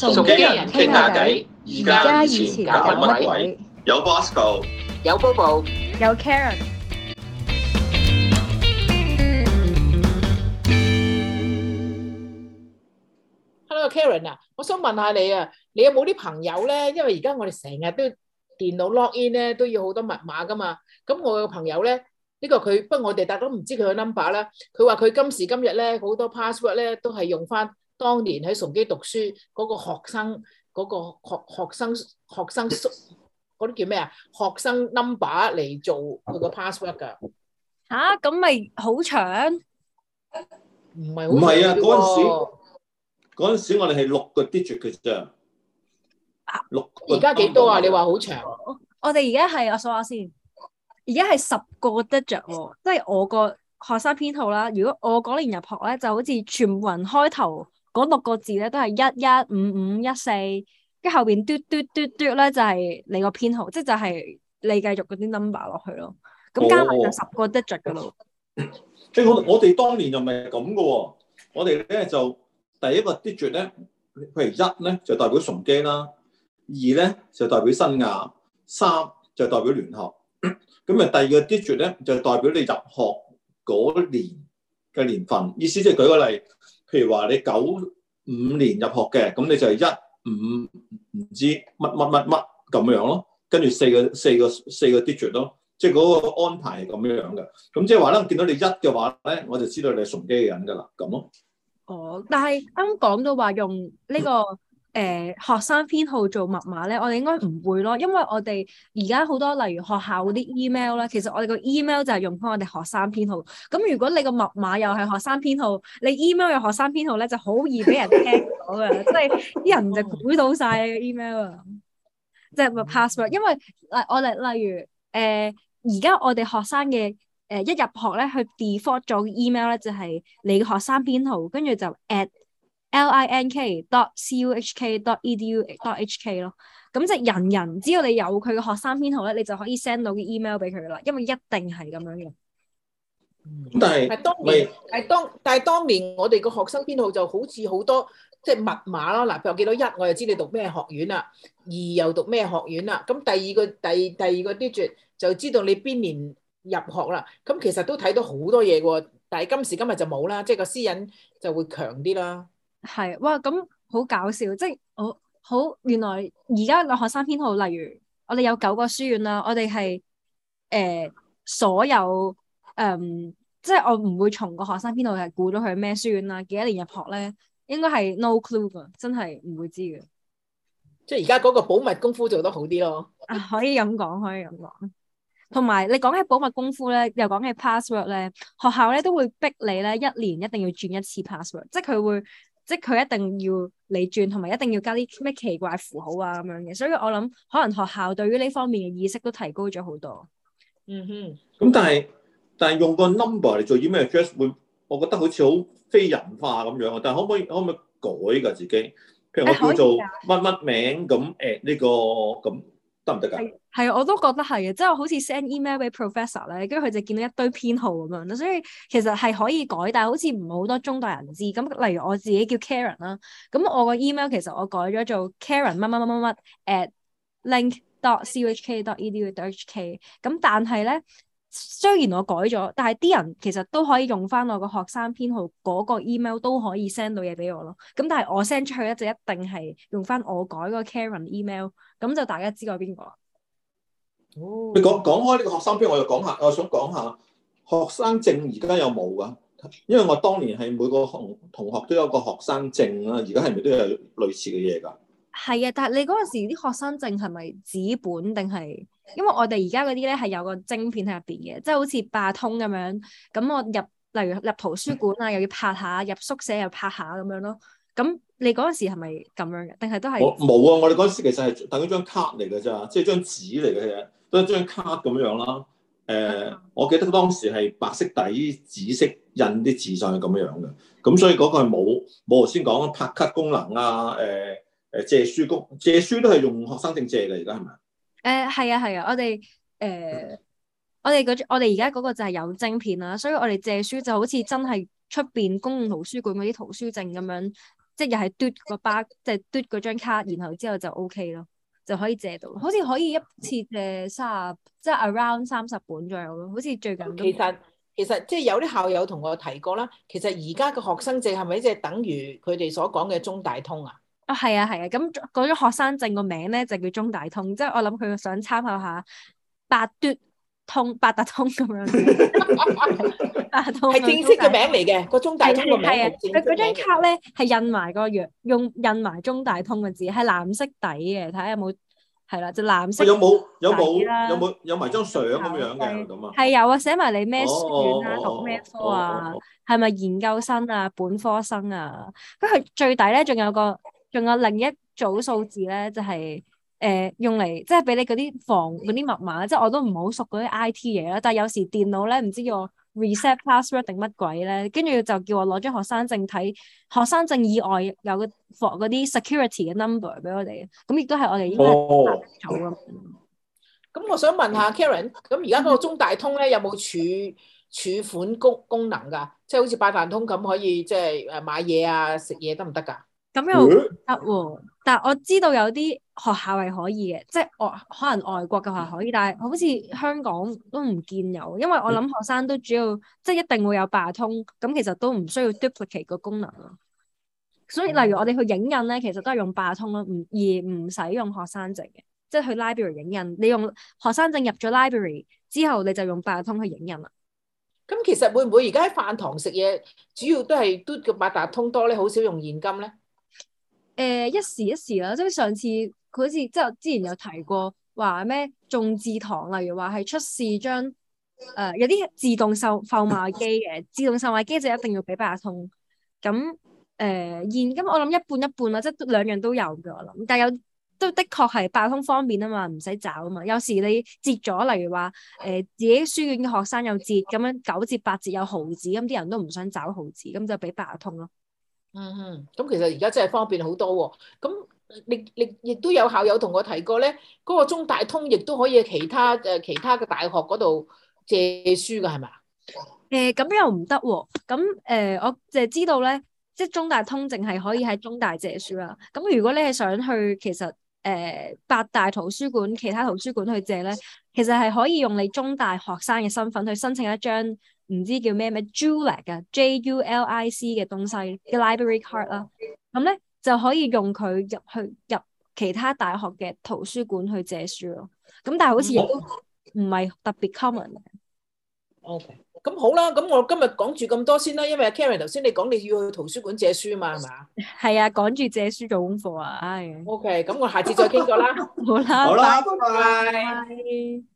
崇基人傾下偈，而家以前有乜鬼？有 Bosco，有 Bobo，有 Karen。Hello，Karen 啊，我想問下你啊，你有冇啲朋友咧？因為而家我哋成日都電腦 log in 咧，都要好多密碼㗎嘛。咁我個朋友咧，呢個佢不過我哋大家都唔知佢嘅 number 啦。佢話佢今時今日咧，好多 password 咧都係用返。當年喺崇基讀書嗰、那個學生嗰、那個學生、那個、學生學生嗰啲叫咩啊？學生 number 嚟、那個、做佢個 password 噶吓，咁咪好長？唔係唔係啊？嗰陣時陣、啊、時我哋係六個 digit 嘅啫，啊、六個個，而家幾多啊？你話好長？我哋而家係我數下先，而家係十個 digit 喎，即、就、係、是、我個學生編號啦。如果我嗰年入學咧，就好似全部人開頭。嗰六個字咧都係一一五五一四，跟後邊嘟嘟嘟嘟咧就係、是、你個編號，即就係你繼續嗰啲 number 落去咯。咁加埋就十個 digit 噶咯。即係、哦就是、我我哋當年就咪係咁噶喎，我哋咧就第一個 digit 咧，譬如一咧就代表崇基啦，二咧就代表新亞，三就代表聯合。咁啊，第二個 digit 咧就代表你入學嗰年嘅年份，意思即係舉個例。譬如話你九五年入學嘅，咁你就係一五唔知乜乜乜乜咁樣咯，跟住四個四個四個 digit 咯，即係嗰個安排係咁樣樣嘅。咁、嗯、即係話咧，見到你一嘅話咧，我就知道你係崇基人㗎啦，咁咯。哦，但係啱講到話用呢、這個。嗯誒、呃、學生編號做密碼咧，我哋應該唔會咯，因為我哋而家好多例如學校嗰啲 email 咧，其實我哋個 email 就係用翻我哋學生編號。咁如果你個密碼又係學生編號，你 email 又學生編號咧，就好易俾人聽到噶，即係啲人就估到晒你嘅 email 啊！即係唔 password？因為例我哋例如誒而家我哋學生嘅誒、呃、一入學咧，去 default 做 email 咧就係、是、你嘅學生編號，跟住就 at。link dot c u h k dot e d u dot h k 咯。咁即係人人只要你有佢嘅學生編號咧，你就可以 send 到啲 email 俾佢啦。因為一定係咁樣嘅。但係，但當但係但係當年我哋個學生編號就好似好多即係、就是、密碼咯。嗱，譬如見到一，我就知你讀咩學院啦；二又讀咩學院啦。咁第二個第二第二個 digit 就知道你邊年入學啦。咁其實都睇到好多嘢喎，但係今時今日就冇啦，即係個私隱就會強啲啦。係哇，咁好搞笑，即係我好原來而家個學生編號，例如我哋有九個書院啦，我哋係誒所有誒、呃，即係我唔會從個學生編號係估咗佢咩書院啦，幾多年入學咧，應該係 no clue 噶，真係唔會知嘅。即係而家嗰個保密功夫做得好啲咯，啊。可以咁講，可以咁講。同埋你講起保密功夫咧，又講起 password 咧，學校咧都會逼你咧一年一定要轉一次 password，即係佢會。即係佢一定要你轉，同埋一定要加啲咩奇怪符號啊咁樣嘅，所以我諗可能學校對於呢方面嘅意識都提高咗好多。嗯哼。咁、嗯、但係但係用個 number 嚟做啲咩 address 會，我覺得好似好非人化咁樣啊！但係可唔可以可唔可以改㗎自己？譬如我叫做乜乜名咁誒呢個咁。啊。係，啊，我都覺得係啊。即係好似 send email 俾 professor 咧，跟住佢就見到一堆編號咁樣啦，所以其實係可以改，但係好似唔係好多中大人知。咁例如我自己叫 Karen 啦，咁我個 email 其實我改咗做 Karen 乜乜乜乜乜 at link dot c u h k dot e d u dot h k，咁但係咧。雖然我改咗，但係啲人其實都可以用翻我個學生編號嗰個 email 都可以 send 到嘢俾我咯。咁但係我 send 出去咧就一定係用翻我改嗰個 Karen email，咁就大家知道我係邊個啦。哦，你講講開呢個學生編號我又講下，我想講下學生證而家有冇噶？因為我當年係每個同同學都有個學生證啊，而家係咪都有類似嘅嘢噶？係啊，但係你嗰陣時啲學生證係咪紙本定係？因為我哋而家嗰啲咧係有個晶片喺入邊嘅，即係好似霸通咁樣。咁我入，例如入圖書館啊，又要拍下；入宿舍又拍下咁樣咯。咁你嗰陣時係咪咁樣嘅？定係都係？冇啊！我哋嗰陣時其實係等於張卡嚟嘅咋，即係張紙嚟嘅嘢，都係張卡咁樣啦。誒、呃，我記得當時係白色底紫色印啲字上去咁樣樣嘅。咁所以嗰個係冇冇頭先講拍卡功能啊？誒、呃。誒、借書公借書都係用學生證借嘅，而家係咪？誒係、uh, 啊，係啊，我哋誒、uh, 我哋嗰我哋而家嗰個就係有晶片啦，所以我哋借書就好似真係出面公共圖書館嗰啲圖書證咁樣，即係又係嘟個巴，即係嘟嗰張卡，然後之後就 O K 咯，就可以借到，好似可以一次借卅即係 around 三十本左右咯。好似最近其實其實即係有啲校友同我提過啦，其實而家嘅學生證係咪即係等於佢哋所講嘅中大通啊？啊，係啊，係啊，咁嗰張學生證個名咧就叫中大通，即係我諗佢想參考下八嘟通、八達通咁樣，八達通係正式嘅名嚟嘅。個中大通個名係啊，佢嗰張卡咧係印埋個用印埋中大通嘅字，係藍色底嘅，睇下有冇係啦，就藍色。有冇有冇有冇有埋張相咁樣嘅咁啊？係有啊，寫埋你咩書院，讀咩科啊？係咪研究生啊？本科生啊？跟住最底咧仲有個。仲有另一組數字咧，就係、是、誒、呃、用嚟即係俾你嗰啲房、嗰啲密碼，即係我都唔好熟嗰啲 IT 嘢啦。但係有時電腦咧唔知叫我 reset password 定乜鬼咧，跟住就叫我攞張學生證，睇學生證以外有個防嗰啲 security 嘅 number 俾我哋，咁亦都係我哋應該有。記咁、哦、我想問下 Karen，咁而家嗰個中大通咧、嗯、有冇儲儲款功功能㗎？即、就、係、是、好似八達通咁可以即係誒買嘢啊、食嘢得唔得㗎？咁又得喎，但我知道有啲學校係可以嘅，即係外可能外國嘅話可以，但係好似香港都唔見有，因為我諗學生都主要即係一定會有八達通，咁其實都唔需要 duplicate 個功能咯。所以例如我哋去影印咧，其實都係用八達通咯，唔而唔使用，用學生證嘅，即係去 library 影印，你用學生證入咗 library 之後，你就用八達通去影印啦。咁其實會唔會而家喺飯堂食嘢主要都係嘟個八達通多咧，好少用現金咧？誒、呃、一時一時啦，即係上次佢好似即係之前有提過話咩眾志堂，例如話係出事將誒有啲自動售賣機嘅，自動售賣機就一定要俾八達通。咁誒、呃、現今我諗一半一半啦，即係兩樣都有嘅。我諗，但係有都的確係八達通方便啊嘛，唔使找啊嘛。有時你折咗，例如話誒、呃、自己書院嘅學生有折咁樣九折八折有毫子，咁啲人都唔想找毫子，咁就俾八達通咯。嗯嗯，咁其實而家真係方便好多喎、哦。咁，你你亦都有校友同我提過咧，嗰、那個中大通亦都可以其他誒其他嘅大學嗰度借書噶，係咪啊？誒、嗯，咁又唔得喎。咁誒、呃，我淨係知道咧，即係中大通淨係可以喺中大借書啦、啊。咁如果你係想去，其實誒、呃、八大圖書館、其他圖書館去借咧，其實係可以用你中大學生嘅身份去申請一張。唔知叫咩咩 Julic 嘅，J U L I C 嘅東西嘅 library card 啦，咁咧就可以用佢入去入其他大學嘅圖書館去借書咯。咁但係好似唔係特別 common。O K，咁好啦，咁我今日講住咁多先啦，因為 Karen 頭先你講你要去圖書館借書啊嘛，係嘛？係啊，趕住借書做功課啊，唉。O K，咁我下次再傾過啦。好啦，好啦，拜拜。